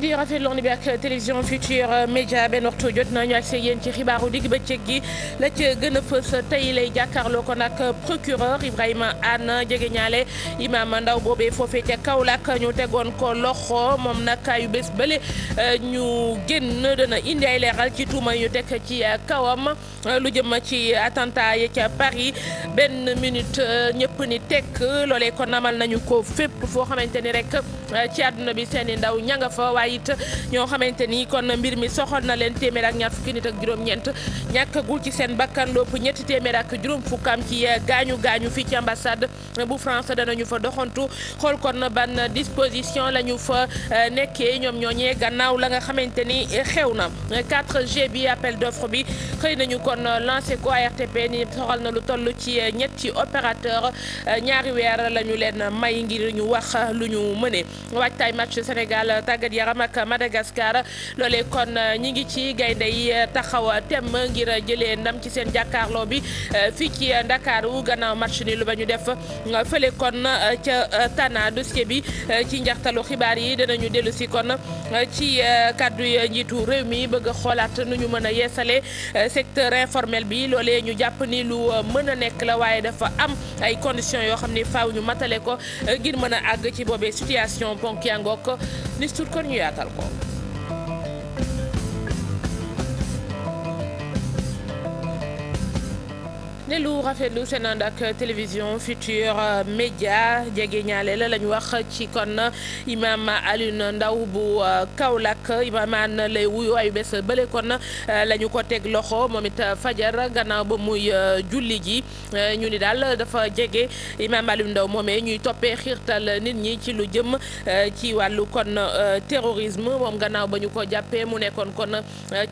yi di rafetlu on bi ak télévision Futurs Médias benn waxtu jot nañu ak see yéen ci xibaaru digg bëccëg gi la ca gën a fës tey lay jàkkaarloo ko nag procureur Ibrahima Anne jege ñaale imaam ndaw boobee foofee ca Kaolack ñu tegoon ko loxo moom nag yu bés bële ñu génn dana indi ay leeral ci tuuma ñu teg ci kawam lu jëm ci attentat ya ca Paris benn minute ñëpp ni teg loolee kon amal nañu ko fépp foo xamante ni rek ci àdduna bi seeni ndaw ña fa waaye it ñoo xamante ni kon mbir mi soxal na leen téeméer ak ñaar fukki nit ak juróom-ñeent ñàkkagul ci seen bakkan lopp ñetti téeméer ak juróom fukkaam ci gaañu gaañu fii ci ambassade bu France danañu fa doxantu xool kon ban disposition la ñu fa euh, nekkee ñoom ñooñee gannaaw la nga xamante ni xew na 4G bi appel d'offre bi xëy nañu kon lancé ko ARTP ni soxal na lu toll ci ñetti opérateur euh, ñaari weer la ñu leen may ngir ñu wax lu ñu mëne waajtaay match Sénégal tàggat yaram digganteem ak Madagascar loolee kon euh, ñi ngi ci gaynde yi euh, taxaw euh, temm ngir jëlee ndam ci seen jàkkaarloo bi fii ci Ndakaaru gannaaw match ni lu ba ñu def fële kon ca Tana dossier bi ci njaxtalu xibaar yi dinañu dellu si kon ci kàddu njiitu réew mi bëgg xoolaat nu ñu mën a yeesale secteur informel bi loolee ñu jàpp ni lu mën a nekk la waaye dafa am ay conditions yoo xam ni faw ñu matale ko ngir mën a àgg ci boobee situation ponk yangook ni suur kon ñu yaatal ko ne lu rafetlu seen ànd ak télévision Futurs Médias jege ñaale la lañu wax ci kon imaam Alioune ndaw bu euh, Kaolack imaam an lay wuyu ay bés bële kon euh, lañu ko teg loxo moom it fajar gannaaw ba muy euh, julli ji ñu ni daal dafa jege imaam Alioune Ndao moomee ñuy toppee xiirtal nit ñi ci lu jëm ci wàllu kon terrorisme moom gannaaw ba ñu ko jàppee mu nekkoon kon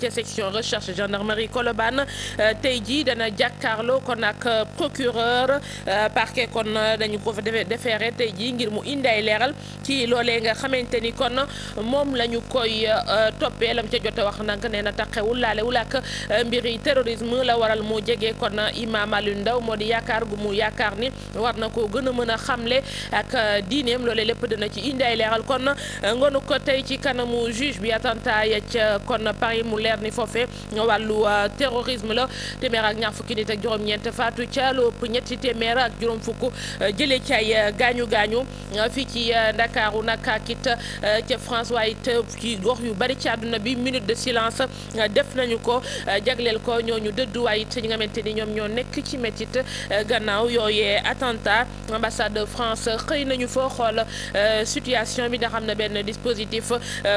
ca section recherche gendarmerie Colobane tey jii dana jàkkaarloo kon ak euh, procureur euh, parquet kon euh, dañu ko defeere tey jii ngir mu indi ay leeral ci loolee nga xamante ni kon moom la ñu koy toppee lam ca jote wax nag nee na taqewul wul ak mbiri terrorisme la waral moo jege kon Imam Alioune ndaw moo di yaakaar gu mu yaakaar ni war na ko gën a mën a xamle ak diineem loole lépp dina ci indi ay leeral kon ngonu ko tey ci kanamu juge bi attentat ya ca kon Paris mu leer ni foofe wàllu terrorisme la téeméer ak ñaar fukki nit ak ñeent faatu ca lu ëpp ñetti téeméer ak juróom fukk eh, jële ci ay eh, gaañu gaañu eh, fii ci ndakaaru nag ak it ca France waaye it ci gox yu bari ci àdduna bi minute de silence def nañu ko jagleel ko ñu dëdd waaye it ñi nga xamante ni ñoom ñoo nekk ci métit gannaaw yooyee attentat ambassade de France xëy nañu foo xool situation bi nga xam ne benn dispositif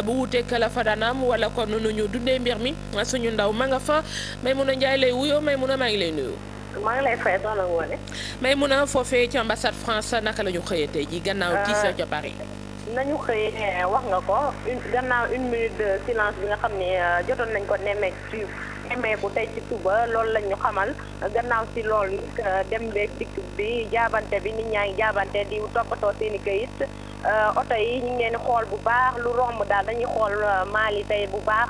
bu wuuteeg la fa daan am wala kon nu ñu dundee mbir mi suñu ndaw ma nga fa Maymuna Njaay lay wuyoo Maymuna maa ngi lay nuyu. maa ngi lay fay soxna Ngoné. mais mun a foofee ci ambassade France naka la ñu xëyee tey jii gannaaw 10 heures ca Paris. Euh, nañu xëyee eh, wax nga ko une gannaaw une minute silence bi nga xam ne euh, jotoon nañ ko nemmeek ci nemmeeku tey ci suba loolu lañ ñu xamal gannaaw si lool nag euh, dem beeg dikk bi jaabante bi nit ñaa ngi jaabante di toppatoo seen i kayit oto yi ñu ngi leen di xool bu baax lu romb daal dañuy xool maal yi tey bu baax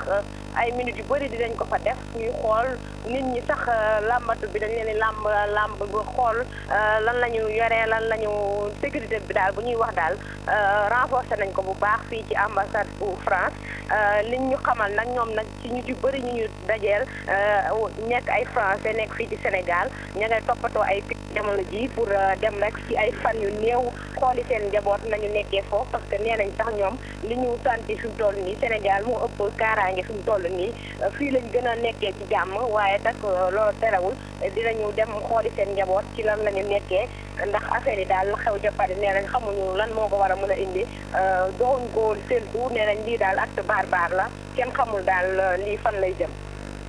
ay minutes yu bëri dinañ ko fa def ñuy xool. nit ñi sax euh, làmbatu bi dañ leen di làmb làmb ba xool euh, lan la ñu yoree lan lañu ñu sécurité bi daal bu ñuy wax daal euh, renforcé nañ ko bu baax fii ci ambassade bu France liñ ñu xamal nag ñoom nag ci ñu ci bëri ñu ñu dajeel nekk ay français nekk fii ci Sénégal ña ngay toppatoo ay jamono ji pour dem rek ci ay fan yu néew xooli seen njaboot nañu nekkee foofu parce que nee nañ sax ñoom li ñu tànti fi mu toll nii Sénégal moo ëpp kaaraange fi mu toll nii fii lañ gën a nekkee ci jàmm waaye waaye nag loolu terewul dinañu dem xooli seen njaboot ci lan la ñu nekkee ndax affaire yi daal la xew jafari nee nañ xamuñu lan moo ko war a mën a indi euh, doxuñ ko seentu nee nañ lii daal acte barbare la kenn xamul daal euh, lii fan lay jëm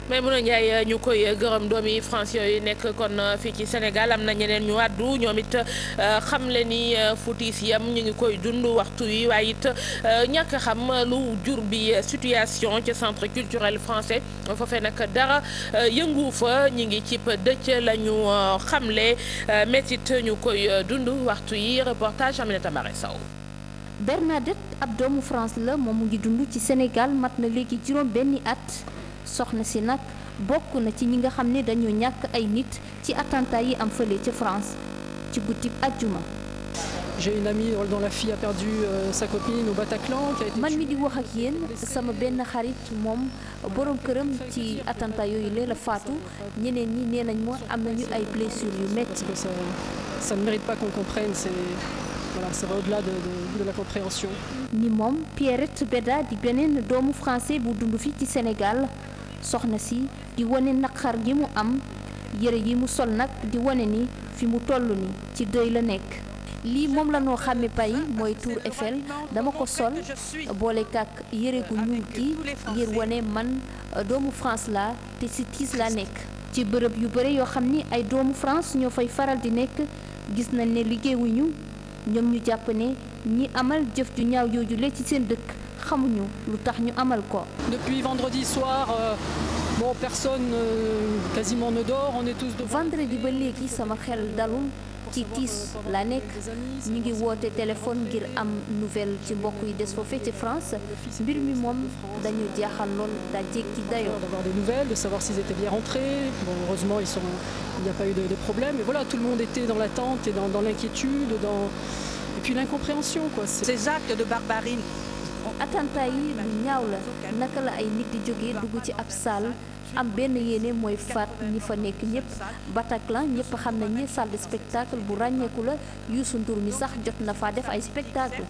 Maimouna Ndiaye euh, ñu koy euh, gërëm doomi France yooyu nekk kon euh, fii ci Sénégal am na ñeneen ñu àddu ñoom it xam le ni futis yam ñu ngi koy dund waxtu yi waaye it ñàkk xam lu jur bi situation ci centre culturel français foofee nag dara yëngu fa ñu ngi cib dëcc la ñu xamle métit ñu koy dund waxtu yi reportage Aminata Mare Sow Bernadette ab doomu France la moom mu ngi dund ci Sénégal mat na léegi juróom benni at soxna si nag bokk na ci ñi nga xam ne dañu ñàkk ay nit ci attentat yi am fële ci France ci guddi àjjuma. j'ai une amie dont la fille a perdu euh, sa copine au Bataclan. man mi di wax ak yéen sama benn xarit moom boroom këram ci attentat yooyu lee faatu ñeneen ñi nee nañ moo am nañu ay blessures yu métti. parce que ça ne mérite pas qu'on comprenne c'est voilà ça va au-delà de de la compréhension. ni moom Pierrette Beda di beneen doomu français bu dund fii ci Sénégal. soxna si di wane xar gi mu am yëre yi mu sol nag di wane ni fi mu toll ni ci dëy la nekk lii moom la noo xàmme pay mooy Tour Eiffel dama ko sol boole kak yëre gu ñuul ngir wane man euh, doomu France la te si tiis laa nekk ci bërëb yu bare yoo xam ni ay doomu France ñoo fay faral di nekk gis nañ ne liggéeyuñu ñoom ñu jàpp ne ñi amal jëf ju ñaaw jooju le ci seen dëkk xamuñu lu tax ñu amal ko. depuis vendredi soir. Euh... bon personne euh, quasiment ne dort on est tous de vendredi ba léegi sama xel dalul ci tiis la nekk ñu ngi woote téléphone ngir am nouvelle ci mbokk yi des foofee ci France mbir mi moom dañu jaaxal lool daa jéggi dayoo. d'avoir nouvelles de savoir s'ils étaient bien rentrés bon heureusement il n'y a pas eu de, de problème mais voilà tout le monde était dans l'attente et dans l'inquiétude dans l'incompréhension ces actes de barbarie attentat yi ñaaw la naka la ay nit di jógee dugg ci ab salle am benn yéene mooy faat ñi fa nekk ñëpp la ñëpp xam nañ ne salle de spectacle bu ràññeeku la Youssou Ndour ñi sax jot na faa def ay spectacle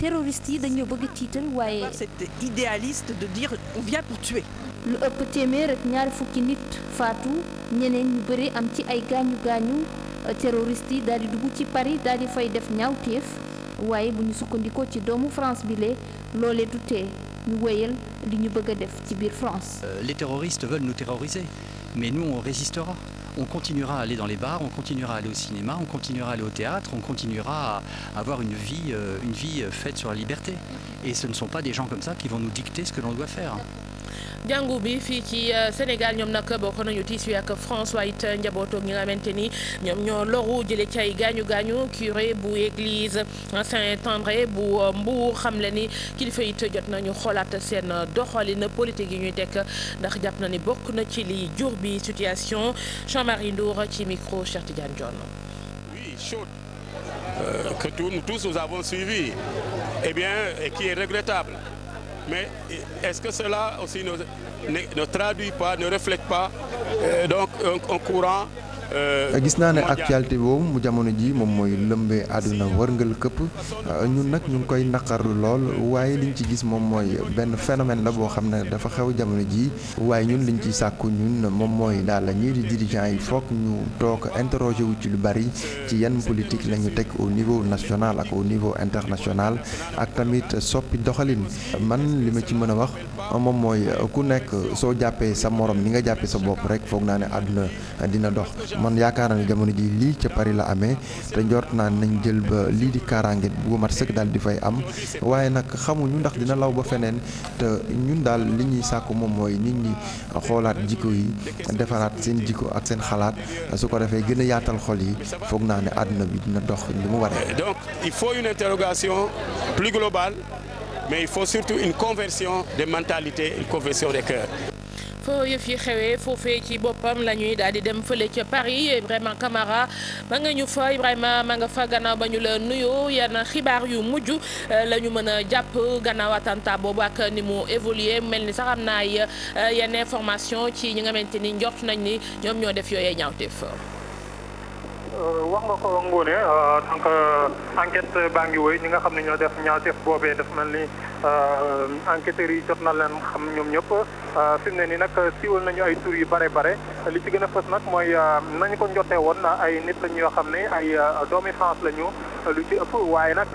terroristes yi dañu bëgg tiital waaye. c'est idéaliste de dire on vient lu ëpp téeméer ak ñaari fukki nit faatu ñeneen ñu bëri am ci ay gaañu gaañu terroristes yi daal di dugg ci Paris daal di fay def ñaawteef. waaye bu ñu sukkandikoo ci doomu France bi lee loolee du tee ñu wéyal li ñu bëgg a def ci biir France. Euh, les terroristes veulent nous terroriser mais nous on résistera. on continuera à aller dans les bars, on continuera à aller au cinéma, on continuera à aller au théâtre, on continuera à avoir une vie euh, euh, faite sur la liberté. Et ce ne sont pas des gens comme ça qui vont nous dicter ce que l'on doit faire. jàngu bi fii ci euh, Sénégal ñoom nag bokk nañu tiis wi ak France it njabootoog ñi nga xamante ni ñoom ñoo loru jëlee ci ay gaañu gaañu curé bu église Saint-André bu euh, Mbour xam le ni kilifa it jot nañu xoolaat seen doxalina politique yi ñuy tekk ndax jàpp na ni bokk na ci li jur bi situation Jean-Marie Ndour ci micro Cheikh Tidiane Dione. oui Mais est-ce que cela aussi ne, ne, ne, traduit pas, ne reflète pas euh, donc un, un courant Euh, gis naa ne actualité boobu mu jamono ji moom mooy lëmbee àdduna wërngal këpp euh, ñun nag ñu ngi koy naqarlu lool waaye liñ ci gis moom mooy benn phénomène la boo xam ne dafa xew jamono ji waaye ñun liñ ci sàkku ñun moom mooy daal la ñii di dirigeants yi foog ñu toog interroger wu ci lu bari ci yenn politique lañu ñu teg au niveau national ak au niveau international ak tamit soppi doxalin man li ma ci mën a wax moom mooy ku nekk soo jàppee sa morom ni nga jàppee sa bopp rek foog naa ne àdduna dina dox man yaakaar na jamono ji lii ca Paris la amee te njort naa nañ jël ba lii di kaaraange bu mat sëkk daal di fay am waaye nag xamuñu ndax dina law ba feneen te ñun daal li ñuy sàkku moom mooy nit ñi xoolaat jikko yi defaraat seen jikko ak seen xalaat su ko defee gën a yaatal xol yi foog naa ne àdduna bi dina dox li mu waree. donc il faut une interrogation plus globale mais il faut surtout une conversion des cœurs. fa yëf yi xewee foofee ci boppam la ñuy daal di dem fële ca Paris Ibrahima Camara ma nga ñu fa Ibrahima ma nga fa gannaaw bañu la nuyoo yenn xibaar yu mujj eh, lañu ñu mën a jàpp gannaaw attentat boobu ak ni mel ni sax am eh, information ci ñi nga ni njort nañ ni ñoom ñoo def yooyee ñaawteef. Euh, wax nga ko Ngoné euh, donc euh, enquête baa ngi wéy ñi nga xam ne ñoo def ñaawteef boobee daf mel ni. Euh, enquêteurs yi jot na leen xam ñoom ñëpp euh, fi mu ne nii nag siiwal nañu ay tur yu bare bare li ci gën a fës nag mooy euh, nañu ko njotee woon ay nit la yoo xam ne ay doomi France la ñu lu ci ëpp waaye nag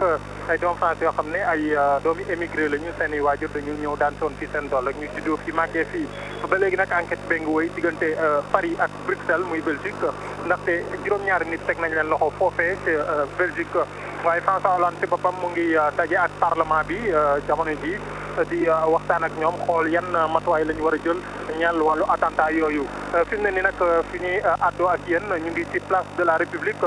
ay doom France xam ne ay euh, doomi émigré la ñu seen i waajur dañu ñëw daan soon fi seen tool rek ñu juddoo fi màggee fii ba léegi nag enquête bee ngi woy diggante euh, Paris ak Bruxelles muy Belgique ndaxte juróom-ñaari nit teg nañ leen loxo foofee ci euh, Belgique waaye François Hollande ci bam mu ngi daje ak parlement bi jamono ji di waxtaan ak ñoom xool yan matuwaay la ñu war a jël ñal wàllu attentat yooyu fi mu ne ni nag fi ñuy àddoo ak yéen ñu ngi ci place de la République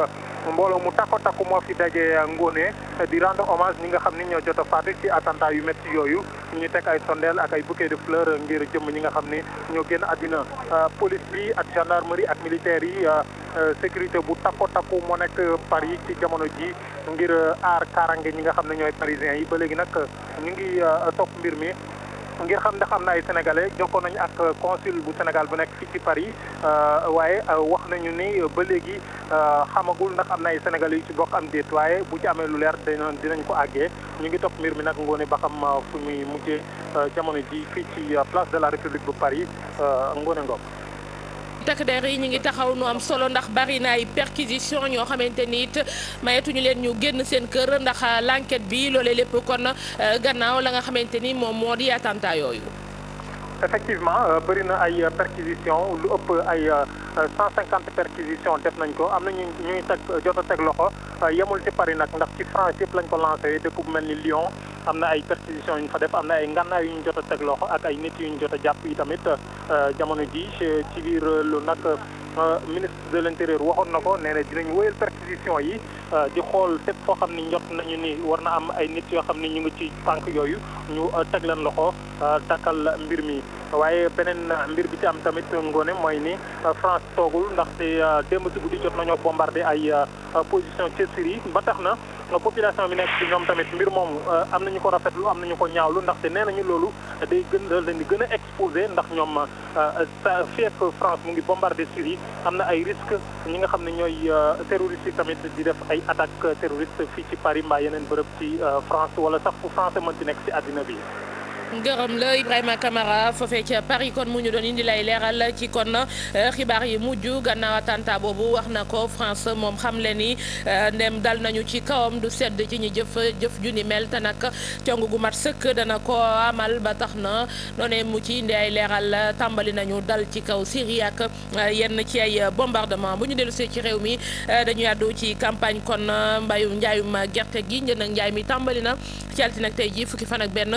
mbooloo mu takko takku moo fi dajee ngoone di rendre hommage ñi nga xam ni ñoo jot a faatu ci attentat yu métti yooyu ñu ñu teg ay sondeel ak ay bouquet de fleur ngir jëm ñi nga xam ni ñoo génn àddina euh, police bi ak gendarmerie ak militaire yi euh, euh, sécurité bu takko takku moo nekk yi ci jamono ji ngir aar kaarange ñi nga xam ne ñooy parisiens yi ba léegi nag ñu ngi topp mbir mi ngir xam ndax am na ay sénégalais jokkoon nañu ak consul bu Sénégal bu nekk fii ci Paris euh, waaye euh, wax nañu ni euh, ba léegi xamagul ndax am na ay sénégalais yu ci bokk am déet waaye bu ci amee lu leer dinañ dinañ ko àggee ñu ngi topp mbir mi nag ngoone ba xam fu muy mujjee jamono ji fii ci place de la République bu Paris ngoone Ngom. takk der yi ñu ngi taxaw nu am solo ndax bari na ay perquisition ñoo xamante ni it mayetuñu leen ñu génn seen kër ndax euh, l'enquête bi loole lépp kon euh, gannaaw la nga xamante ni moom moo di attentat yooyu effectivement euh, bëri na ay euh, perquisition lu ëpp ay euh, cent cinquante perquisition def nañ ko am na ñu ñuy teg jot a teg loxo yemul ci Paris nag ndax ci France yëpp lañ ko lancé dëkk bu mel ni Lyon am na ay perquisition yu ñu fa def am na ay ngànnaay yu ñu jot a teg loxo ak ay nit yu ñu jot jàpp yi tamit jamono ji ci biir lu nag ministre de l' waxoon na ko nee na dinañ wéyal perquisition yi euh, di xool fépp foo xam ni njot nañu ni war na am ay nit yoo xam ni ñu ngi ci tànk yooyu ñu euh, teg leen loxo dakkal euh, mbir mi. waaye beneen mbir bi ci am tamit ngoone mooy ni France toogul ndaxte démb si guddi jot nañoo bombardé ay position ci Syrie ba tax na. Euh, population bi nekk ci ñoom tamit mbir moomu euh, am nañu ko rafetlu am nañu ko ñaawlu ndaxte nee nañu loolu day gën leen di gën a exposé ndax ñoom euh, fii ak France mu ngi bombardé Syrie am na ay risques ñi nga xam ne ñooy terroristes yi tamit di def ay attaques terroristes fii ci Paris mbaa yeneen bërëb ci France wala sax fu français mën ci nekk ci àddina bi. gërëm la Ibrahima Camara foofee ca Paris kon mu ñu doon indi lay leeral ci kon eh, xibaar yi mujj gannaaw attentat boobu wax na ko France moom xam le ni eh, ndem dal nañu ci kawam du sedd ci ñi jëf jëf ju ni mel te nag cong gu mat sëkk dana ko amal ba tax na noonee mu ci indi ay leeral tàmbali nañu dal ci kaw Syrie ak eh, yenn ci ay bombardement bu ñu dellusee ci réew mi dañuy àddu ci campagne kon mbayu njaayum gerte gi njënd ak njaay mi tàmbali na ci altine tey jii fukki fan ak benn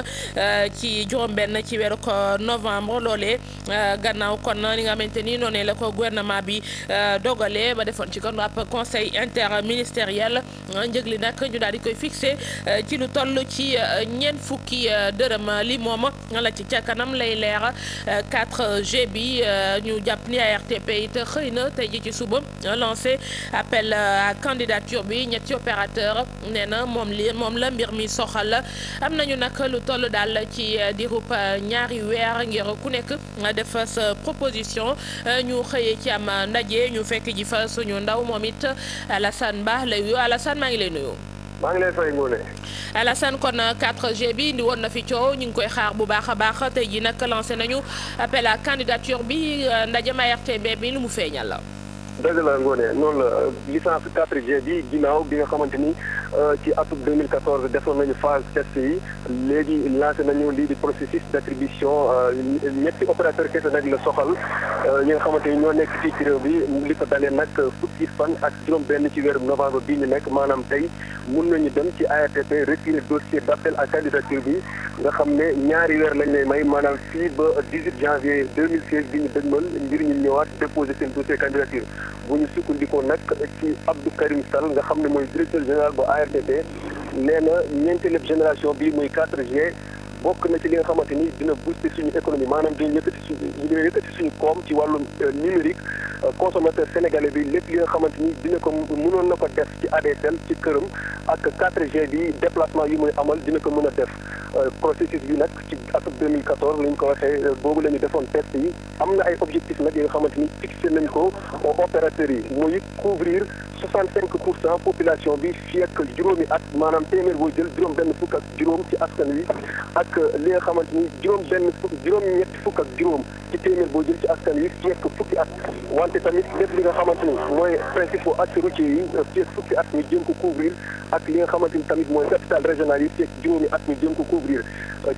ci juróom-benn ci weeru novembre loolee euh, gannaaw kon li nga xamante ni noonu la ko gouvernement bi euh, dogalee ba defoon ci kon ab conseil interministériel euh, njëg li nag ñu daal di koy fixé ci lu toll ci ñeent fukki dërëm li moom la ci ca kanam lay leer 4G bi ñu jàpp ni ARTP it xëy na tey ji ci suba lancé appel à candidature bi ñetti opérateur nee moom la mbir mi soxal am nañu nag lu toll daal ci. ci eh, diirub eh, ñaari weer ngir ku nekk eh, def sa proposition ñu xëyee ci am ndaje ñu fekk ji fa suñu ndaw moom it Alassane Ba lay nuyu Alassane maa ngi lay nuyu. maa ngi lay fay Ngoné. Alassane kon 4G bi woon na fi coow ñu ngi koy xaar bu baax a baax te ji nag lancé nañu appel à candidature bi ndaje ma RTB bi lu mu feeñal la. dëgg la ngoone noonu la licence 4G bi ginaaw bi nga xamante ni euh, ci atum 2014 defoon nañu phase test yi léegi lancé nañu lii di processus d' attribution euh, ñetti opérateur kese nag la soxal euh, ñi nga xamante ni ñoo nekk fii ci réew bi li ko dalee nag fukki fan ak juróom-benn ci weeru novembre bii ñu nekk maanaam tey mun nañu dem ci ARTP retirer dossier d' ak à candidature bi. nga xam ne ñaari weer lañ lay may maanaam fii ba 18 janvier 2016 bi ñu dëgmal ngir ñu ñëwaat déposé seen dossier candidature bu ñu sukkandikoo nag ci Abdou sal Sall nga xam ne mooy directeur général ba ARTP nee na ñeenteelu génération bi muy 4 bokk na ci li nga xamante ni dina booster suñu économie maanaam dina yëkkati suñu dina yëkkati suñu koom ci wàllu euh, numérique euh, consommateur sénégalais bi lépp li nga xamante ni dina ko mënoon na ko def ci ADSL ci këram ak 4G bi déplacement yi mooy amal dina ko mën a def euh, processus yi nag ci atum 2014 li ñu ko waxee boobu la ñu defoon test yi am na ay objectifs nag yi nga xamante ni nañ ko opérateurs yi mooy couvrir soixante cinq pour cent population bi fii ak juróomi at maanaam téeméer boo jël juróom benn fukk ak juróom ci askan wi ak li nga xamante ni juróom benn fukk juróom ñett fukk ak juróom ci téeméer boo jël ci askan wi fii ak fukki at wante tamit lépp li nga xamante ni mooy principe axes routiers yi fii ak fukki at ñu jëm ko couvrir ak li nga xamante ni tamit mooy capital régional yi fii ak juróomi at ñu jëm ko couvrir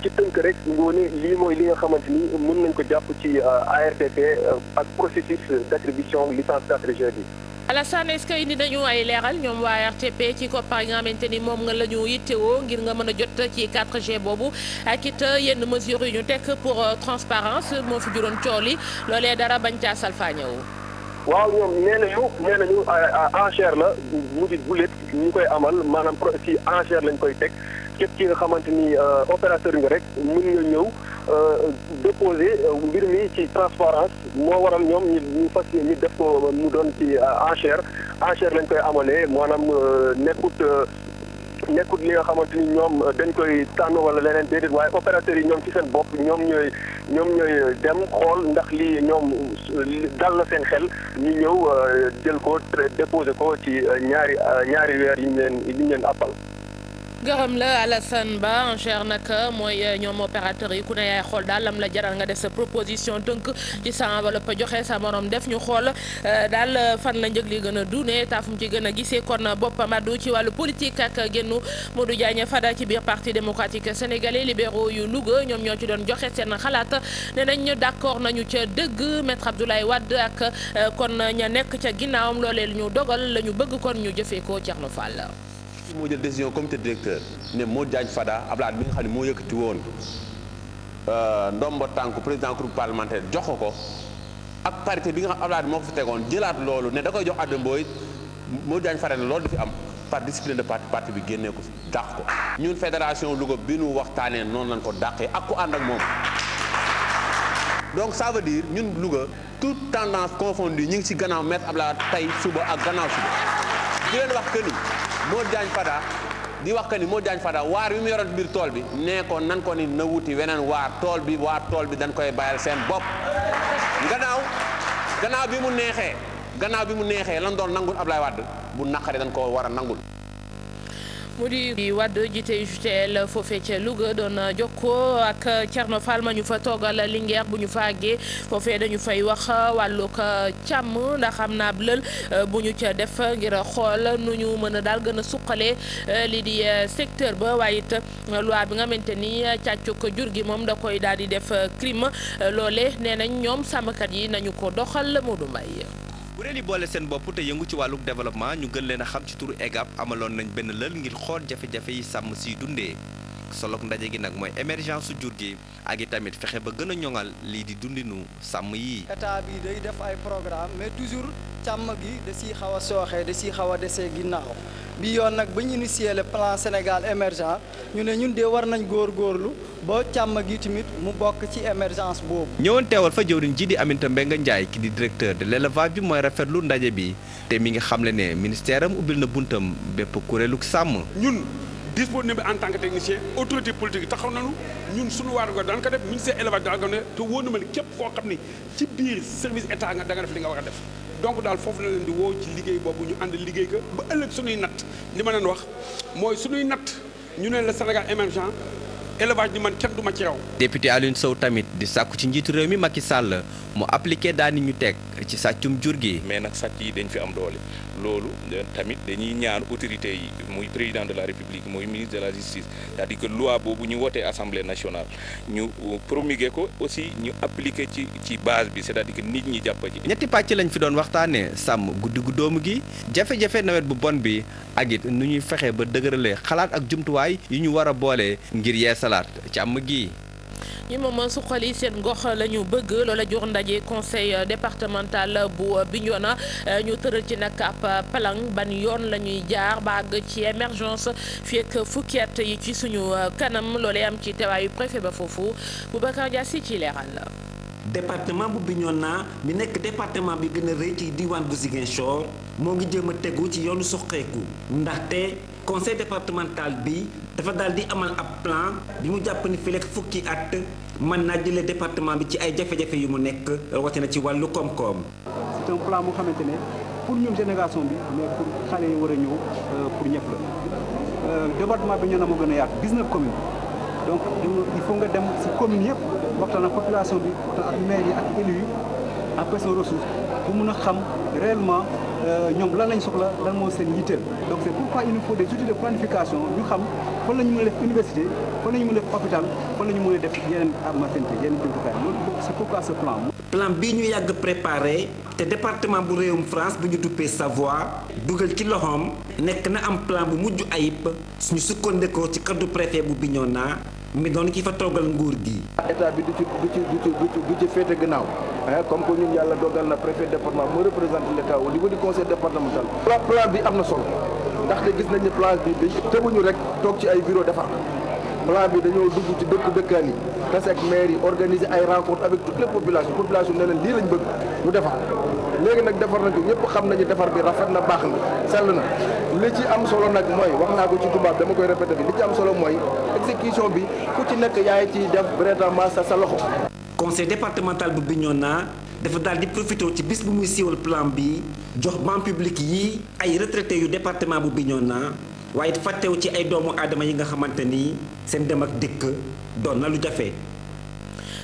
ci tënk rek ngoone lii mooy li nga xamante ni mën nañ ko jàpp ci euh, ARTP euh, ak processus d'attribution licence 4G bi Alassane est-ce que indi nañu ay leeral ñoom waa RTP ci koppar nga xamante ni moom nga la ñu yittewoo ngir nga mën a jot ci 4G boobu ak it euh, yenn mesures yu ñu teg pour euh, transparence moo fi juróon coow li loolee dara bañ faa ñëw waaw ñoom nee ñu nee nañu euh, enchère la mu di gulet ñu koy amal maanaam ci enchère lañ koy teg képp ki nga xamante ni opérateur nga rek mën nga ñëw Euh, déposé euh, mbir mi ci transparence moo waral ñoom ñu ñu fas ñu def ko mu doon ci euh, enchère enchère lañ koy amalee maanaam nekkut nekkut li nga xamante ni ñoom dañ koy tànn wala leneen déedéet waaye opérateurs yi ñoom ci seen bopp ñoom ñooy ñoom ñooy dem xool ndax lii ñoom dal na seen xel ñu ñëw jël ko déposé ko ci ñaari ñaari weer yi ñu leen yi ñu leen appal gërëm la Alassane Ba en cher nag mooy euh, ñoom opérateur yi ku ne yaay xool daal lam la jaral nga def sa proposition tënk ci sa enveloppe joxe sa morom def ñu xool euh, daal euh, fan la njëg li gën a dune taafum ci gën a gisee kon bopp maddu ci wàllu politique ak génnu Modou Diagne Fada ci biir parti démocratique sénégalais libéraux yu Louga ñoom ñoo ci doon joxe seen xalaat ne nañ d'accord nañu ca dëgg maître Abdoulaye wadd ak kon ña nekk ca ginnaawam loolee lu ñu dogal la ñu bëgg kon ñu jëfee ko Thierno Fall. moo jël décision comité directeur ne moo Diagne Fada Ablaye bi nga xam ne moo yëkkati woon euh, ndombo tànk président groupe parlementaire jox ko ko ak parité bi nga xam Ablaye moo ko fi tegoon jëlaat loolu ne da koy jox Adda Mboy moo jaañ Fada ne loolu du fi am par discipline de parti bi génnee ko dàq ko ñun fédération Louga bi nu waxtaanee noonu lañ ko dàqee ak ku ànd ak moom donc ça veut dire ñun Louga toute tendance confondue ñu ngi si gannaaw maître Ablaye tey suba ak gannaaw di leen wax que ni Modou Fada di wax que ni Modou Diagne Fada waar wi mu yoroon biir tool bi nee ko nan ko ni na wuti weneen waar tool bi waar tool bi dañ koy bàyyal seen bopp gannaaw gannaaw bi mu neexee gannaaw bi mu neexee lan doon nangul Ablaye Wade bu naqaree dañ koo war a nangul mu di Wade jiite UJTL foofee ca Louga doon jokkoo ak Thierno Fall ma ñu fa toogal Linguère bu ñu fa àggee foofee dañu fay wax wàllug càmm ndax am naa ab lël euh, bu ñu ca def ngir xool nu ñu mën a daal gën a suqalee euh, lii di euh, secteur ba waaye it bi nga xamante ni ko jur gi moom da koy daal di def crime loole nee nañ ñoom sàmmkat yi nañu ko doxal Modou mbay kuréel yi boole seen bopp te yëngu ci wàllu développement ñu gën leen xam ci turu EGAP amaloon nañ benn lël ngir xool jafe-jafe yi sàmm siy dundee solok ndaje gi nag mooy émergence su jur gi ak i tamit fexe ba gën a ñoŋal lii di nu sàmm yi. état bii day def ay programme mais toujours càmm gi da siy xaw a sooxee de siy xaw a desee ginnaaw bi yoon nag ba ñu initier le plan Sénégal émergent ñu ne ñun de war nañ góorlu boo càmm gi tamit mu bokk ci émergence boobu. ñëwoon teewal fa jëwriñ jii di Aminata Mbengue Ndiaye ki di directeur de l' élevage bi mooy rafetlu ndaje bi te mi ngi xamle ne ministère am ubbil na buntam bépp kuréelug sàmm. disponible bi en tant que technicien autorité politique yi taxaw nañu ñun suñu waar nga daan ko def ministère élevage daan ko def te wóor na ma ni képp koo xam ni ci biir service état nga def li nga war a def donc daal foofu na leen di woo ci liggéey boobu ñu ànd liggéey ko ba ëllëg suñuy natt li ma leen wax mooy suñuy natt ñu ne la Sénégal émergent élevage bi man kenn du ci raw. député Alioune Sow tamit di sàkku ci njiitu réew mi Macky Sall mu appliqué daani ñu teg ci sàccum jur gi. mais nag sàcc yi dañ fi am doole. loolu tamit dañuy ñaan autorité yi muy président de la république muy ministre de la justice c'est-à-dire que loi boobu ñu wotee assemblée nationale ñu euh, promulguer ko aussi ñu appliquer ci ci base bi c'est-à-dire que nit ñi jàpp ñetti pàcc lañ fi doon waxtaanee sàmm guddi gu doomu gi jafe-jafe nawet bu bon bi ak it nu ñuy fexe ba dëgëralee xalaat ak jumtuwaay yu ñu war a boole ngir ci àmm gi. ñi moom suqali seen gox la ñu bëgg loola jur ndaje conseil départemental bu Bignona ñu tëral ci nag ab palang ban yoon la ñuy jaar ba àgg ci émergence fii ak fukki yi ci suñu kanam loolee am ci teewaayu préfet ba foofu Boubacar Dia si ci leeral la. département bu Bignona bi nekk département bi gën a rëy ci diwaan bu Ziguinchor moo ngi jëm a tegu ci yoonu soqeeku ndaxte. conseil départemental bi dafa daal di amal ab plan bi mu jàpp ni fileeg fukki at man naa jëlee département bi ci ay jafe-jafe yu mu nekk na ci wàllu koom-koom. c'est un plan moo xamante ne pour ñun génération bi mais pour xale yi war a ñëw euh, pour ñëpp la euh, département bi ñu na moo gën a yaatu 19 communes donc il faut nga dem si commune yëpp waxtaan ak population bi waxtaan ak maire yi ak élus yi en personne ressource bu mun a xam réellement. Euh, ñoom lan lañ soxla lan moo seen yitteel donc c'est pourquoi il nous faut des de planification ñu xam fan la ñu mën a def université fan la ñu mën a def hôpital fan la ñu mën a def yeneen maternité yeneen jumtukaay loolu c'est pourquoi ce plan. plan bii ñu yàgg préparé te département bu réewum France bu ñu duppee Savoie dugal ci loxoom nekk na am plan bu mujj ayib suñu sukkandikoo ci kaddu préfet bu naa mu ngi doon ki fa toggal nguur gi. état bi du ci du ci du ci du ci féete gannaaw comme que ñun yàlla dogal na préfet département mu représente l' état au niveau du conseil départemental. plan bi am na solo ndaxte gis nañ ne plan bi bi ñu rek toog ci ay bureau defar plan bi dañoo dugg ci dëkk dëkkaan yi. tase ak maire yi organiser ay rencontre avec toutes les populations population ne lii lañ bëgg ñu defar léegi nag defar nañ ko xam nañu defar bi rafet na baax na sell na li ci am solo nag mooy wax naa ko ci tubaab dama koy répété bi li ci am solo mooy exécution bi ku ci nekk yaay ciy def vraiment sa sa loxo. conseil départemental bu naa dafa daal di profité ci bis bu muy siiwal plan bi jox ban public yi ay retraités yu département bu Bignona waaye fàttewu ci ay doomu aadama yi nga xamante nii seen dem ak dikk doon na lu jafe.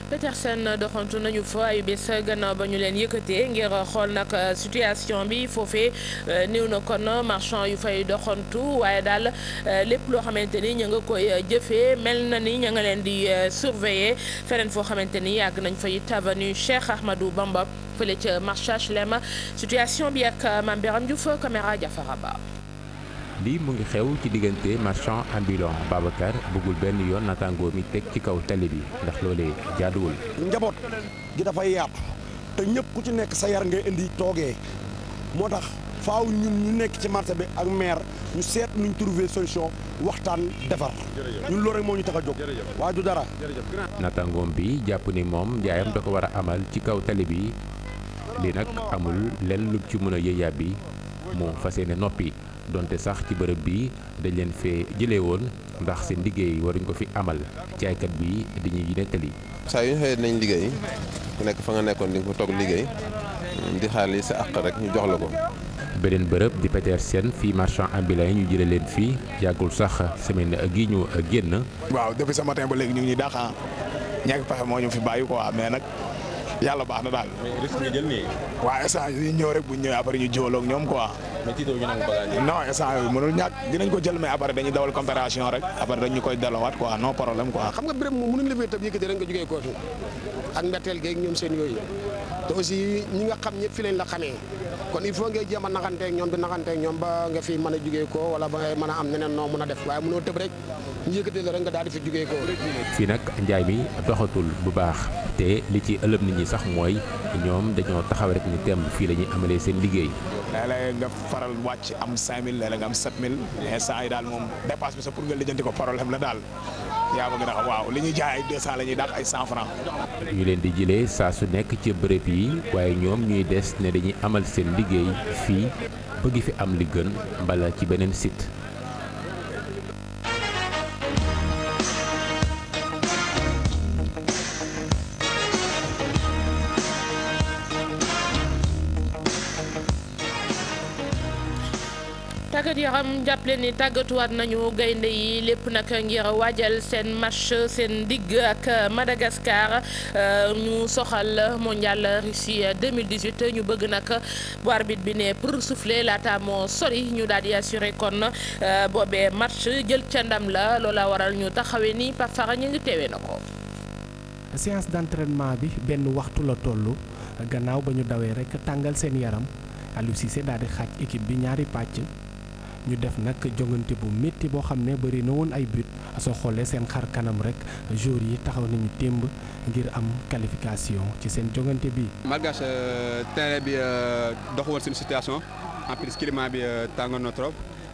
Petersen doxantu nañu fa ayu bés gannaaw ba ñu leen yëkkatee ngir xool nag euh, situation bi foofee euh, néew na kon marchand yu fay doxantu waaye daal euh, lépp loo xamante ni ñu nga koy jëfee mel na ni ña nga leen di surveiller feneen foo xamante ni yàgg nañ fa it avenue Cheikh Ahmadou Bamba fële ca marché HLM situation bi ak Mame Birame Diouf caméra Diafara Ba lii mu ngi xew ci diggante marchand ambulant Babacar bëggul benn yoon naataangoo mi teg ci kaw tali bi ndax loolee jaaduwul. njaboot gi dafay yaatu te ñëpp ku ci nekk sa yar nga indi toogee moo tax faaw ñun ñu nekk ci marché bi ak maire ñu seet nuñ trouver solution waxtaan defar ñun loolu rek moo ñu tax a jóg waaye du dara. naataangoom bi jàpp ni moom njaayam da ko war a amal ci kaw tali bi li nag amul lenn lu ci mën a yëyaab bi mu fas yéene noppi. donte sax ci bërëb bi dañ leen fee jëlee woon ndax seen liggéey war waruñ ko fi amal jaaykat bi di ñuy nettali. saa yu ñu xëyee nañ liggéey ku nekk fa nga nekkoon di nga ko toog liggéey di xaar li sa àq rek ñu jox la ko. beneen bërëb di seen fii marchand ambulant yi ñu jëlee leen fii yàggul sax semaine gi ñu génn. waaw depuis ce matin ba léegi ñu ngi ñuy dàq ah ñàkk moo ñu fi bàyyi quoi mais nag yàlla baax na daal. mais risque nga ñoo nii. waaw instant bu ñu ñëwee ñoom quoi. mais tiitoo ñu nangu bagage non dinañ ko jël mais après dañuy dawal comparaison rek après dañu koy dalawaat quoi non problème quoi. xam nga béréb moom mënuñ la fee tëb yëkkati rek nga jugee kootu ak mbetteel geeg ñoom seen yooyu te aussi ñi nga xam ñëpp fi lañ la xamee kon il faut ngay jéem a naxanteeg ñoom di naxanteeg ñoom ba nga fi mën a jugee ko wala ba ngay mën a am neneen noo mën a def waaye mënoo tëb rek ñu yëkkatee rek nga daal di fi jugee ko fii nag njaay mi doxatul bu baax te li ci ëlëb nit ñi sax mooy ñoom dañoo taxaw rek ni temb fii la ñuy amalee seen liggéey léeg-léeg nga faral wàcc am 5000 léeg-léeg nga am 7000 instant yi daal moom dépasse bi sax pour nga lijjanti ko problème la daal yaa waaw li ñuy jaay ay 200 la ñuy dàq ay 100 francs ñu leen di jëlee saa su nekk ci bërëb yi waaye ñoom ñuy des ne dañuy amal seen liggéey fii bëgg fi am li gën mbala ci beneen sit yaram jàppale ni tàggatuwaat nañu gaynde yi lépp nag ngir waajal seen match seen digg ak Madagascar euh, ñu soxal mondial Russie 2018 ñu bëgg nag bu arbitre bi ne pour souffler laata moo sori ñu daal di assuré kon euh, boobee match jël ca ndam la loola waral ñu taxawee ni Pape Fara ñu ngi teewee na ko. bi benn waxtu la toll gannaaw ba ñu dawee rekk tàngal seen yaram Aliou bi ñaari pàcc. ñu def nag jongante bu métti boo xam ne bëri na woon ay but soo xoolee seen xar kanam rek jour yi taxaw nañu témb ngir am qualification ci seen jongante bi. malgré euh, terrain bi euh, dox woon suñu situation en plus climat bi euh, tàngoon na trop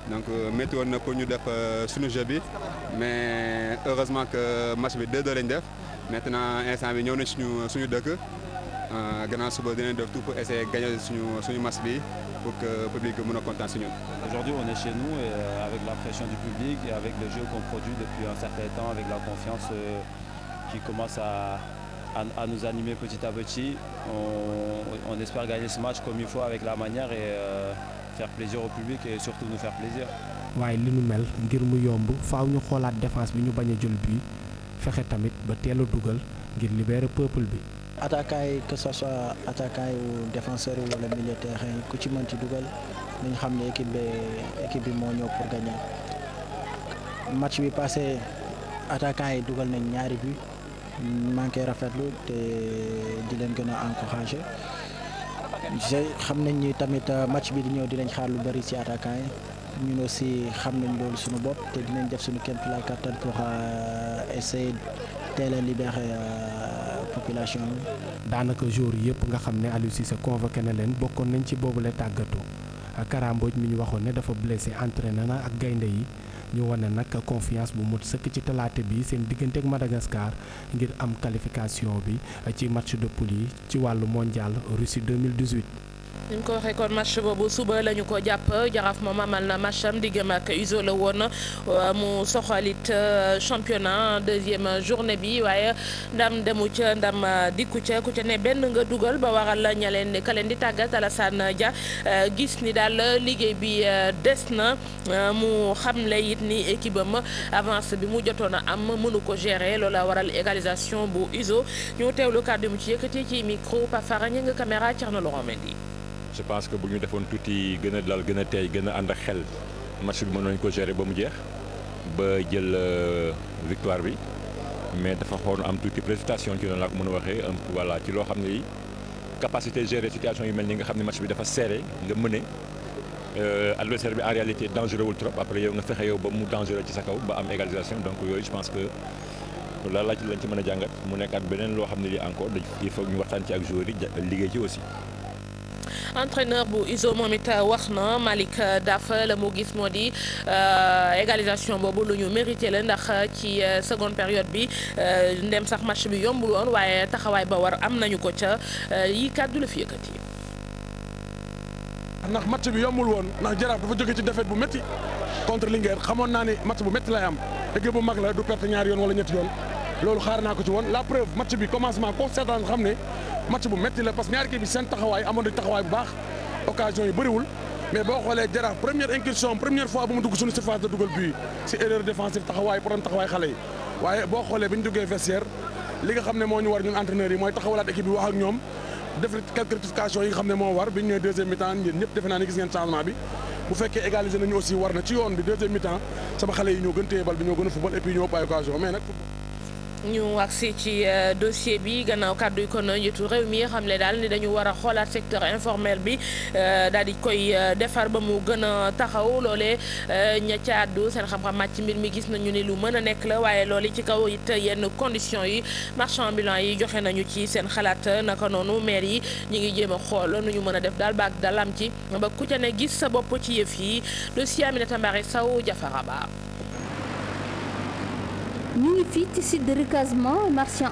donc métti woon na ko ñu def suñu jeu bi mais heureusement que match bi 2-2 lañ def maintenant instant bi ñëw nañ suñu suñu dëkk gannaaw suba dinañ def tout pour essayer gagner suñu suñu match bi. pour que le public mën a kontaan si ñun. Aujourd'hui on est chez nous et euh, avec la pression du public et avec le jeu qu'on produit depuis un certain temps avec la confiance euh, qui commence à nous animer petit à petit on, espère gagner ce match comme il faut avec la manière et euh, plaisir au public et surtout nous faire plaisir. waaye li nu mel ngir mu yomb faaw ñu xoolaat defence bi ñu bañ a jël bi fexe tamit ba teel dugal ngir libérer peuple bi. attaquant yi que ce soit attaquant yu défenseur yi wala milieu terrain ku ci mënti dugal nañ xam ne équipe bi équipe bi moo ñëw pour gagner match bi passé attaquant yi dugal nañ ñaari but manqué rafetlu te di leen gën a encourager xam nañ ni tamit euh, match bi di ñëw dinañ xaar lu bari ci attaquant yi. ñun aussi xam nañ loolu suñu bopp te dinañ def suñu kéem tolluwaay kattan pour euh, essayer teel a libérer euh, population daanaka jour yëpp nga xam ne Aliou Cissé convoqué na leen bokkoon nañ ci boobule tàggatu Kara Mbodj mi ñu waxoon ne dafa blessé entraîné na ak gaynde yi ñu wane nag confiance bu mu sëkk ci talaate bi seen diggante ak Madagascar ngir am qualification bi ci match de poule yi ci wàllu mondial Russie 2018. ni ko waxee kon match boobu suba lañu ñu ko jàpp jaraaf moom amal na match am diggam ak la woon euh, mu soxalit euh, championnat deuxième journée bi waaye ndam demu ca ndam dikku ca ku ca ne benn nga dugal ba waral ña leen ka leen di tàggat Alassane Dia euh, gis ni daal liggéey bi des na mu xamle it ni équipe am avance bi mu jotoon na am mënu ko loolu a waral égalisation bu USO ñu teewlu kàddu mu ci yëkkati ci micro Pafara ñi nga caméra Thierno Laurent Mendy je pense que bu ñu defoon tuuti gën a dal gën a tey gën a ànd ak xel match bi mën nañu ko gérer ba mu jeex ba jël euh, victoire bi mais dafa xoon am tuuti précipitation ci noonu laa ko mën a waxee voilà ci loo xam ne yi capacité gérer situation yi mel ni nga xam ne match bi dafa serré nga mëne euh, adversaire bi en réalité dangereux wul trop après yow nga fexe yow ba mu dangereux ci sa kaw ba am égalisation donc yooyu je pense que loolu laa ci lañ ci mën a jàngat mu nekkaat beneen loo xam ne lii encore il faut ñu waxtaan ci ak joueurs yi liggéey ci entraîneur bu ISO moom it euh, wax na Malick euh, Dafa euh, la mu gis moo di égalisation boobu lu ñu mérité la ndax ci seconde période bi ndem sax match bi yombul woon waaye taxawaay ba war am nañu ko ca yi kàddu la fi yëkkati. ndax match bi yombul woon ndax jaraaf dafa jóge ci défaite bu métti contre Linguère xamoon naa ni match bu métti lay am équipe bu mag la du perte ñaar yoon wala ñetti yoon. loolu xaar naa ko ci woon la preuve match bi commencement ko seetaan xam ne match bu métti la parce que ñaari équipe bi seen taxawaay amoon nañ taxawaay bu baax occasion yu bëriwul mais boo xoolee Jaraaf première incursion première fois bu mu dugg suñu surface de dugal bii si erreur défensive taxawaay problème taxawaay xale yi waaye boo xoolee bi ñu duggee vestiaire li nga xam ne moo ñu war ñun entraîneurs yi mooy taxawalaat équipe bi wax ak ñoom def quelques moo war bi ñu ñëwee deuxième mi-temps yéen ñëpp defe naa ne gis ngeen changement bi bu fekkee égaliser nañu aussi a ñu agsi ci euh, dossier bi gannaaw kàddu yi kon njiitu réew mi xamle daal ni dañu war a xoolaat secteur informel bi euh, daal di koy euh, defar ba mu gën a taxaw loolee ña ca àddu seen xam-xam màcc mbir mi gis nañu ni lu mën a nekk la waaye loolu ci kaw it yenn conditions yi marchand ambulant yi joxe nañu ci seen xalaat naka noonu maire yi ñu ngi jéem a xool nu ñu mën a def daal baag dalam ci ba ku ca ne gis sa bopp ci yëf yi dossier Aminata Mbare Sow Jafara Ba ñu ngi fii ci site de recasement marchand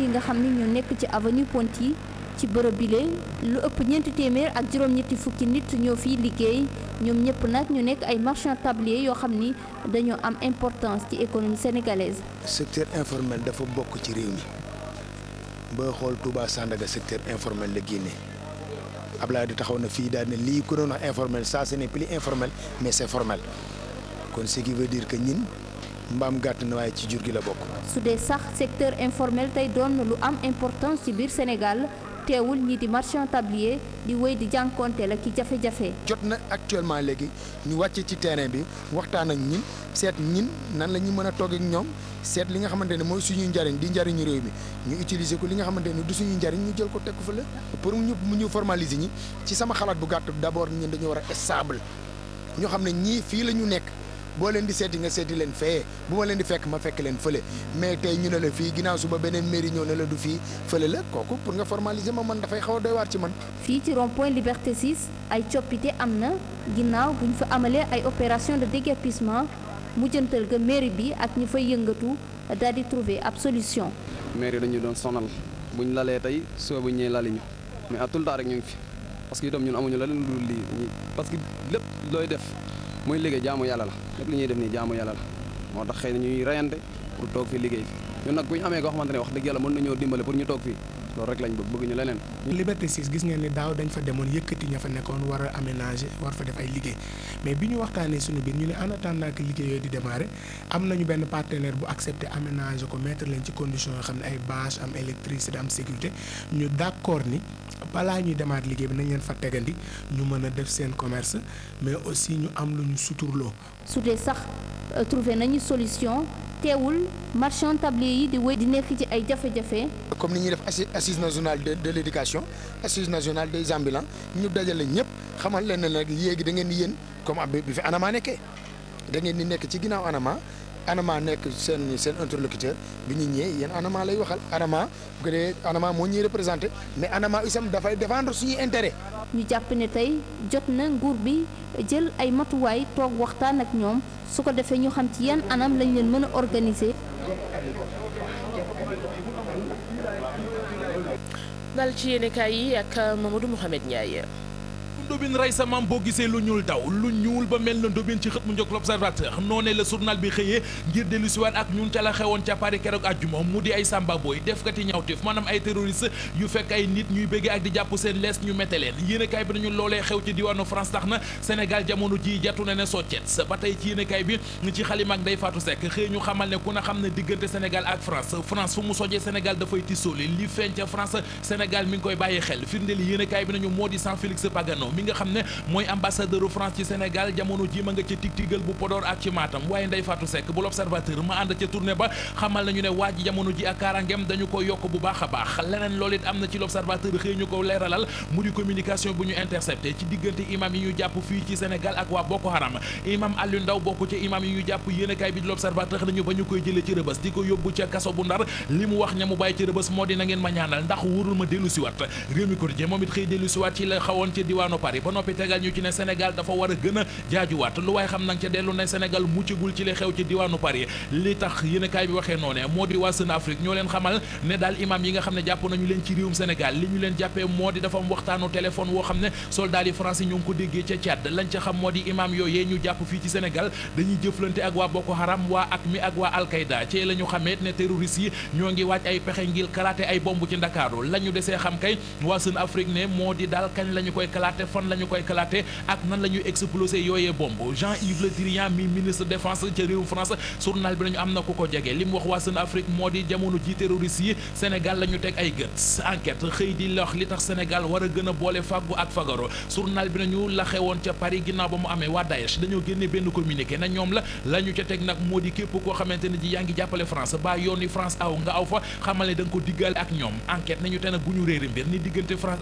yi nga xam ne ñoo nekk ci avenue Ponty ci bërëb bi bile lu ëpp ñeenti téeméer ak juróom-ñetti fukki nit ñoo fiy liggéey ñoom ñëpp nag ñu nekk ay marchand tablier yoo xam ni dañoo am importance ci économie sénégalaise. secteur informel dafa bokk ci réew mi ba xool Touba Sandaga secteur informel la génne Ablaye di taxaw na fii daal ne lii ku doon informel ça ce n'est plus informel mais c'est formel kon ce qui veut dire que ñin. mbaam gàtt na waaye ci jur gi la bokk. su dee sax secteur informel tey doon na lu am importance ci biir Sénégal teewul ñi di marchand tablier di wéy di jànkoonte la ci jafe-jafe. jot na actuellement léegi ñu wàccee ci terrain bi waxtaan ak ñin seet ñin nan la ñu mën a toog ak ñoom seet li nga xamante ne mooy suñuy njariñ di njariñu réew mi ñu utiliser ko li nga xamante ni du suñuy njariñ ñu jël ko teg ko la pour ñu mu ñu formaliser ñi ci sama xalaat bu gàtt d'abord ñun dañoo war a stable ñu xam ne ñii fii la ñu nekk. boo leen di seeti nga seeti leen fee bu ma leen di fekk ma fekk leen fële mais tey ñu ne la fii ginnaaw suba beneen mairie ñëw ne la du fii fële la kooku pour nga formaliser ma man dafay xaw a doy waar ci man. fii ci rond point Liberté 6 ay coppite am na ginnaaw bu ñu fa amalee ay opération de déguerpissement mujjantal ga mairie bi ak ñu fay yëngatu daal di trouver ab solution. mairie dañuy doon sonal buñ lalee tey soo bu ñëwee laliñu mais à tout le temps rek ñu ngi fi parce que itam ñun amuñu lii parce que lépp looy def. mooy liggéey jaamu yàlla la lépp li ñuy def nii jaamu yàlla la moo tax xëy ñuy reyante pour toog fi liggéey fi nag bu ñu amee koo xamante ne wax dëgg yàlla mën nañoo dimbale pour ñu toog fii loolu rek lañ bëgg bëgg ñu leneen. Liberté 6 gis ngeen ni daaw dañ fa demoon yëkkati ña fa nekkoon war a aménager war fa def ay liggéey mais bi ñu waxtaanee suñu biir ñu ne en attendant que liggéey yooyu di démarrer am nañu benn partenaire bu accepté aménager ko metre leen ci condition yoo xam ne ay bâche am électricité am sécurité ñu d'accord ni balaa ñuy demaat liggéey bi nañ leen fa tegandi ñu mën a def seen commerce mais aussi ñu am lu ñu suturloo. su dee sax euh, trouvé nañu solution teewul marchand tablier yi di wéy di nekk ci ay jafe-jafe. comme ni ñuy def assi assise nationale de de l' éducation assise nationale des ambulants ñu dajale ñëpp xamal leen ne nag léegi da ngeen di yéen comme ab bi fi anama nekkee da ngeen di nekk ci ginnaaw anama. ANAMA nekk seen seen interlocuteur bi ñu ñëwee yéen ANAMA lay waxal ANAMA bu ko defee ANAMA moo ñuy représenté mais ANAMA itam dafay défendre suñuy intérêt. ñu jàpp ne tey jot na nguur bi jël ay matuwaay toog waxtaan ak ñoom su ko defee ñu xam ci yan anam lañ leen mën a organiser. dal ci yéenekaay yi ak Mamadou Mouhamed Ndiaye. ndobin rey sa maam boo gisee lu ñuul daw lu ñuul ba mel na ndobin ci xët mu l'observateur noo la journal bi xëyee ngir dellu siwaat ak ñun ca la xewoon ca Paris keroog àjjuma mu di ay samba booy defkati ñawteef maanaam mu sojee Sénégal dafay tisóoli li feeñ ca France Sénégal mi ngi koy bàyyi xel firnde li yéenekaay bi nañu moo di Jean Félix Pagano nga xam ne mooy ambassadeur France ci Sénégal jamono ji ma nga ca tig-tigal bu Podor ak ci Matam waaye Ndeye Fatou Seck bu l'Observateur ma ànd ca tournée ba xamal nañu ne waa jamono ji ak kaarangem dañu ko yokk bu baax a baax leneen loolu it am na ci l'Observateur xëy ñu ko leeralal mu di communication bu ñu intercepté ci diggante imam yi ñu jàpp fii ci Sénégal ak waa Boko Haram imam Aliou Ndaw bokk ci imam yi ñu jàpp yéenekaay bi l'Observateur nañu yi ba noppi tegal ñu ci ne Sénégal dafa war a gën a jaajuwaat lu waaye xam nag ca dellu ne Sénégal muccagul ci li xew ci diwaanu Paris li tax yéenekaay bi waxee noonu moo di waa Afrique ñoo leen xamal ne daal imam yi nga xam ne jàpp nañu leen ci réewum Sénégal li ñu leen jàppee moo di dafa waxtaanu téléphone woo xam ne soldat yi français ñoo ngi ko déggee ca Tchad lañ xam moo di imam yooyee ñu jàpp fii ci Sénégal dañuy jëflante ak waa Boko Haram nan la ñu koy éclater ak nan la ñuy exploser yooyee bomb Jean-Yves Le Drian mi ministre défense ca réew France journal bi nañu am na ku ko jege li mu wax waa Afrique moo di jamono ji terroriste yi Sénégal la ñu teg ay gët enquête xëy di lox li tax Sénégal war a gën a boole fàggu ak fagaro journal bi nañu la xewoon ca Paris ginnaaw ba mu amee waa Daesh dañoo génne benn communiqué na ñoom la la ñu ca teg nag moo di képp koo xamante ne ji yaa ngi jàppale France ba yooni France aw nga aw fa xamal ne da nga ko diggaale ak ñoom enquête nañu te nag gu ñu réeri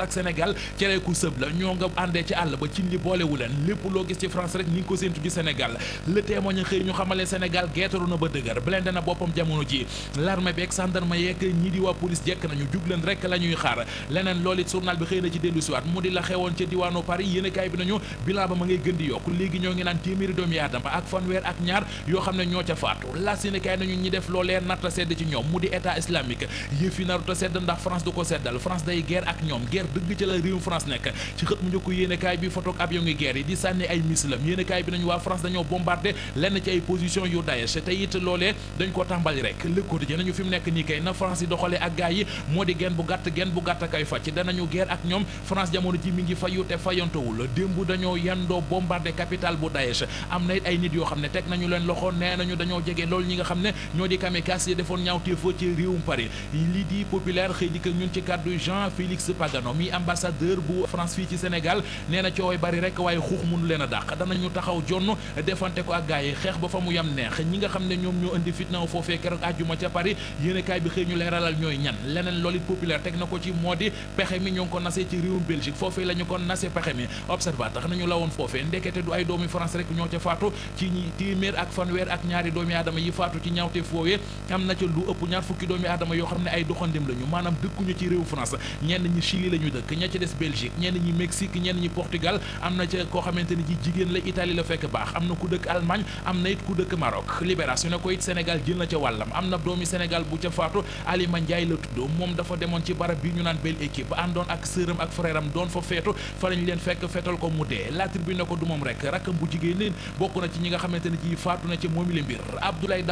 ak Sénégal cereeku sëb la ñoo nga àndee ci àll ba cin li boolewu leen lépp loo gis ci France rek ni ngi ko séentu ci Sénégal le témoigne xëy ñu xamale Sénégal geetaru na ba dëgër blende na boppam jamono ji l'armée bi ak gendarme yeek ñii di waa police jekk nañu jug leen rek la xaar leneen loolu it journal bi xëy na ci dellu siwaat mu di la xewoon ca diwaanu Paris yéenekaay bi nañu bilan ba ma ngay gën di yokk léegi ñoo ngi naan téeméeri doomu aadama ak fanweer ak ñaar yoo xam ne ñoo ca faatu yéenekaay bi photo ak avion ngi guerre yi di sànni ay missile yéenekaay bi nañu waa France dañoo bombardé lenn ci ay position yu Daesh te loolee dañ koo tàmbali rek Le Quotidien nañu fi mu nekk nii ak ñoom France jamono ji mi ngi fayu te fayantowul démb dañoo yandoo bombardé capitale bu Daesh am na it ay nit yoo xam ne teg nañu leen loxo nee nañu dañoo jege loolu ñi nga xam ne ñoo di kamikaze yi defoon ñaawtee ci réewum Paris lii di populaire xëy dikk ñun nee na cooway bari rek waaye xuux mënu leen a dàq taxaw jonn defante ko ak gars yi xeex ba fa mu yam neex ñi nga xam ne ñoom ñoo indi fitnaaw foofee keroog àjjuma ca Paris yéenekaay bi xëy ñu leeralal ñooy ñan leneen loolu it populaire teg na ko ci moo di pexe mi ñu ngi ko nasee ci réewum Belgique foofee la ñu ko nasee pexe mi observateur tax nañu la woon foofee ndekete du ay doomi France rek ñoo ca faatu ci ñi ak fanweer ak ñaari doomi aadama yi ñenn ñi Portugal am na ca koo xamante ni ji jigéen la Italie la fekk baax am na ku dëkk Allemagne am na it ku dëkk Maroc libération ne ko it Sénégal jël na ca wàllam am na doomi Sénégal bu ca faatu Alima Ndiaye la tudd moom dafa demoon ci barab bi ñu naan belle équipe àndoon ak sëram ak frère doon fa feetu fa leen fekk feetal ko mu dee la tribune ne ko du moom rek rakkam bu jigéen bokk na ci ñi nga xamante ji faatu na ci moom mbir Abdoulaye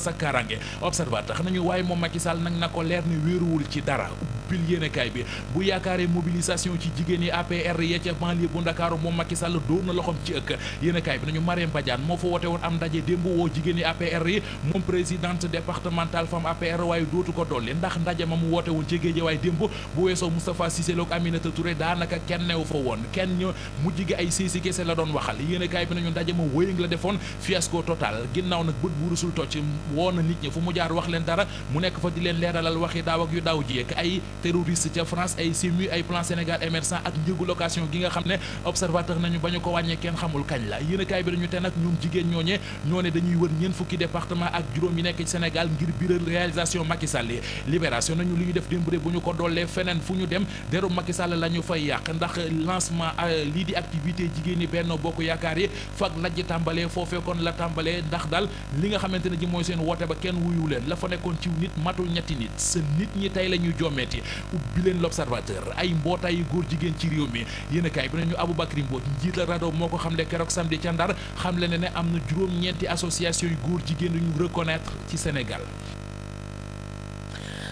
sa kaaraange observateur tax nañu waaye moom Macky Sall nag na ko leer ni wéeruwul ci dara bil yéenekaay bi bu yaakaaree mobilisation ci jigéen yi APR ya ca banlieue bu Ndakaaru moom Macky Sall dóor na loxom ci ëkk yéenekaay bi nañu Marème Badiane moo fa woote woon am ndaje démb woo jigéen yi APR yi moom présidente départementale femme APR waaye dootu ko dolli ndax ndaje ma mu woote woon ci Guédiawaye démb bu weesoo Moustapha Cissé Lo ak Aminata daanaka kenn newu fa woon kenn ñu mujj gi ay séesi kese la doon waxal yéenekaay bi nañu ndaje ma wëyëng la defoon fiasco total ginnaaw nag bët bu rusul tocc woo na nit ñi fu mu jaar wax leen dara mu nekk fa di leen leeralal wax yi daaw ak yu daaw ji ak ay terroriste ca France ay simu ay plan Sénégal émergent ak njëgu location gi nga xam ne observateur nañu ba ñu ko wàññee kenn xamul kañ la yéen a bi dañu te nag ñoom jigéen ñooñee ñoo ne dañuy wër ñeent fukki département ak juróom yi nekk ci Sénégal ngir biral réalisation Macky Sall libération nañu li ñu def démb bu ñu ko dollee feneen fu ñu dem deru Macky Sall la ñu fay yàq ndax lancement euh, lii di activité jigéen ñi Benno Bokk Yaakaar yi fag lajj tàmbalee foofee kon la tàmbalee ndax daal li xamante ne ji mooy ngeen woote ba kenn wuyu leen la fa nekkoon ci nit matul ñetti nit seen nit ñi tey la ñuy jommeeti ubbi leen l'observateur ay mbootaayu góor jigéen ci réew mi yéen a kaay bi nañu Aboubacry Mbodj njiit la RADDHO moo ko xam ne keroog samedi ca Ndar xam le ne ne am na juróom-ñeenti association yu góor jigéen yu ñu reconnaître ci Sénégal.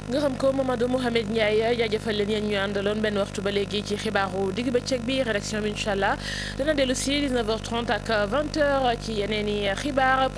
nga xam ko Mamadou Mouhamed ya jaajëfal leen yéen ñu àndaloon benn waxtu ba léegi ci xibaaru digg bëccëg bi rédaction bi incha allah dana dellu si i xibaar.